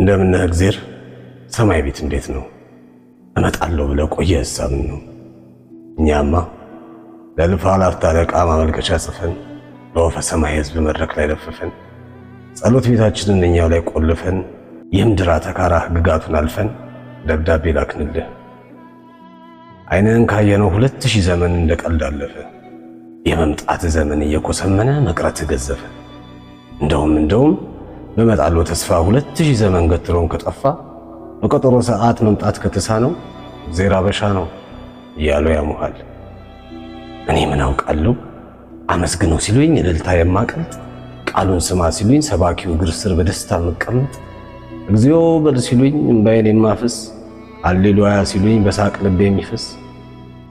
እንደምን እግዜር ሰማይ ቤት እንዴት ነው እመጣለሁ ብለህ ቆየ ሀሳብን ነው። እኛማ ለልፋ ላፍታ ለቃ ማመልከቻ ጽፈን ለወፈ ሰማይ ህዝብ መድረክ ላይ ለፍፈን ጸሎት ቤታችንን እኛው ላይ ቆልፈን የምድራ ተካራ ህግጋቱን አልፈን ደብዳቤ ላክንልህ። አይንህን ካየነው ሁለት ሺህ ዘመን እንደቀልድ አለፈ። የመምጣት ዘመን እየኮሰመነ መቅረት ገዘፈ። እንደውም እንደውም እመጣለሁ ተስፋ ሁለት ሺህ ዘመን ገትሮን ከጠፋ በቀጠሮ ሰዓት መምጣት ከተሳነው ዜራ በሻ ነው እያሉ ያሙሃል። እኔ ምን አውቃለሁ አመስግነው ሲሉኝ እልልታ የማቀልጥ ቃሉን ስማ ሲሉኝ ሰባኪው እግር ስር በደስታ መቀመጥ እግዚኦ በል ሲሉኝ እምባዬን የማፈስ አሌሉያ ሲሉኝ በሳቅ ልብ የሚፈስ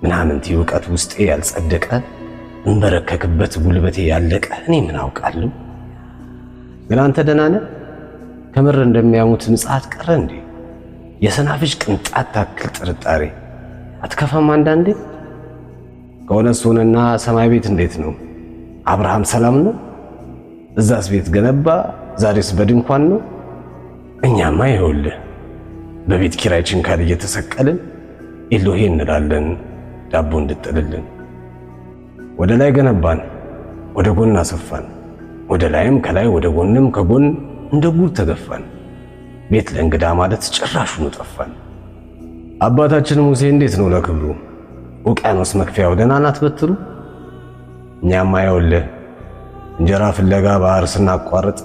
ምናምንቲ እውቀት ውስጤ ያልጸደቀ እንበረከክበት ጉልበቴ ያለቀ እኔ ምን አውቃለሁ ግን አንተ ደህና ነህ? ከምር እንደሚያሙት ምጽዓት ቀረ እንዴ? የሰናፍጭ ቅንጣት ታክል ጥርጣሬ አትከፋም አንዳንዴ? ከሆነ እሱንና ሰማይ ቤት እንዴት ነው? አብርሃም ሰላም ነው? እዛስ ቤት ገነባ፣ ዛሬስ በድንኳን ነው። እኛማ ይኸውልህ በቤት ኪራይ ችንካል እየተሰቀልን ኤሎሄ እንላለን ዳቦ እንድጥልልን። ወደ ላይ ገነባን፣ ወደ ጎን አሰፋን። ወደ ላይም ከላይ ወደ ጎንም ከጎን እንደ ጉድ ተገፋን። ቤት ለእንግዳ ማለት ጭራሹኑ ጠፋን። አባታችን ሙሴ እንዴት ነው ለክብሩ ውቅያኖስ መክፈያው ደህና ናት በትሩ? እኛማ ይኸውልህ እንጀራ ፍለጋ ባህር ስናቋርጥ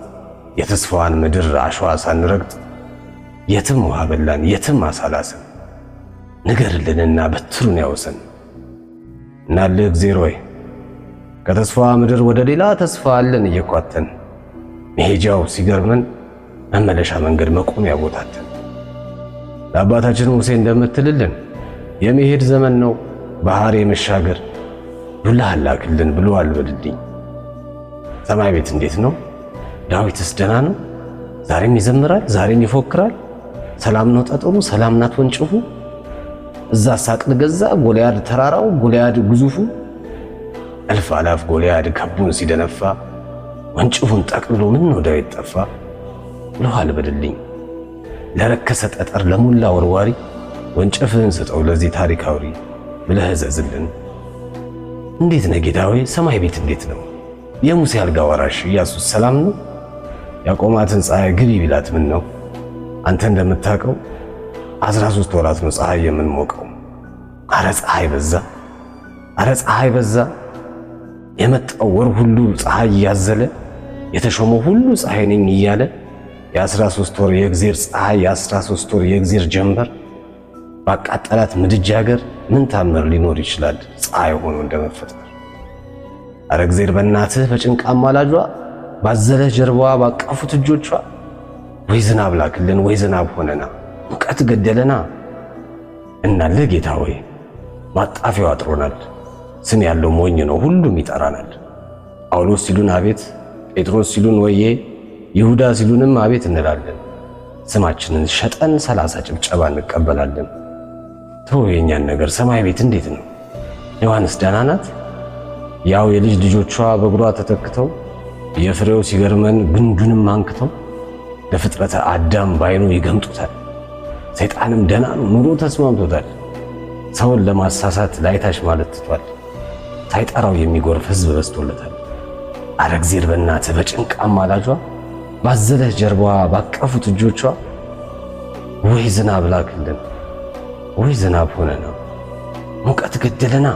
የተስፋዋን ምድር አሸዋ ሳንረግጥ የትም ውሃ በላን የትም አሳላሰን ንገርልንና በትሩን ያወሰን እናልህ እግዜር ወይ? ከተስፋ ምድር ወደ ሌላ ተስፋ አለን እየኳተን መሄጃው ሲገርመን መመለሻ መንገድ መቆሚያ ቦታትን ለአባታችን ሙሴ እንደምትልልን የመሄድ ዘመን ነው ባህር የመሻገር ዱላ አላክልን ብሎ አልበልልኝ። ሰማይ ቤት እንዴት ነው? ዳዊትስ ደና ነው? ዛሬም ይዘምራል፣ ዛሬም ይፎክራል። ሰላም ነው ጠጠሩ፣ ሰላም ናት ወንጭፉ። እዛ ሳቅል ገዛ ጎልያድ ተራራው፣ ጎልያድ ግዙፉ እልፍ አላፍ ጎልያድ ከቡን ሲደነፋ ወንጭፉን ጠቅልሎ ምን ነው ይጠፋ ጠፋ ብለህ ለረከሰ ጠጠር ለሞላ ወርዋሪ ወንጭፍህን ስጠው ለዚህ ታሪክ አውሪ ብለህ እዘዝልን። እንዴት ነው ጌታዊ ሰማይ ቤት እንዴት ነው የሙሴ አልጋ ወራሽ ኢያሱስ ሰላም ነው? ያቆማትን ፀሐይ ግቢ ቢላት ምን ነው አንተ እንደምታውቀው አስራ ሦስት ወራት ነው ፀሐይ የምንሞቀው። አረ ፀሐይ በዛ፣ አረ ፀሐይ በዛ የመጣው ወር ሁሉ ፀሐይ እያዘለ የተሾመው ሁሉ ፀሐይ ነኝ እያለ የአስራ ሦስት ወር የእግዜር ፀሐይ የአስራ ሦስት ወር የእግዜር ጀንበር ባቃጠላት ምድጃ ሀገር ምን ታምር ሊኖር ይችላል? ፀሐይ ሆኖ እንደመፈጠር። አረ እግዜር በእናትህ በጭንቃማ ላጇ ባዘለህ ጀርባዋ ባቀፉት እጆቿ ወይ ዝናብ ላክልን ወይ ዝናብ ሆነና ሙቀት ገደለና እናለ ጌታ ወይ ማጣፊያው አጥሮናል ስም ያለው ሞኝ ነው፣ ሁሉም ይጠራናል። ጳውሎስ ሲሉን አቤት፣ ጴጥሮስ ሲሉን ወዬ፣ ይሁዳ ሲሉንም አቤት እንላለን። ስማችንን ሸጠን ሰላሳ ጭብጨባ እንቀበላለን። ተው የእኛን ነገር፣ ሰማይ ቤት እንዴት ነው? ዮሐንስ ደህና ናት? ያው የልጅ ልጆቿ በእግሯ ተተክተው የፍሬው ሲገርመን ግንዱንም አንክተው ለፍጥረተ አዳም ባይኑ ይገምጡታል። ሰይጣንም ደህና ነው፣ ኑሮ ተስማምቶታል። ሰውን ለማሳሳት ላይታች ማለት ትቷል። ሳይጠራው የሚጎርፍ ሕዝብ በዝቶለታል። አረ እግዜር በእናትህ በጭንቅ አማላጇ ባዘለች ጀርባዋ ባቀፉት እጆቿ ወይ ዝናብ ላክልን፣ ወይ ዝናብ ሆነና ሙቀት ገደለና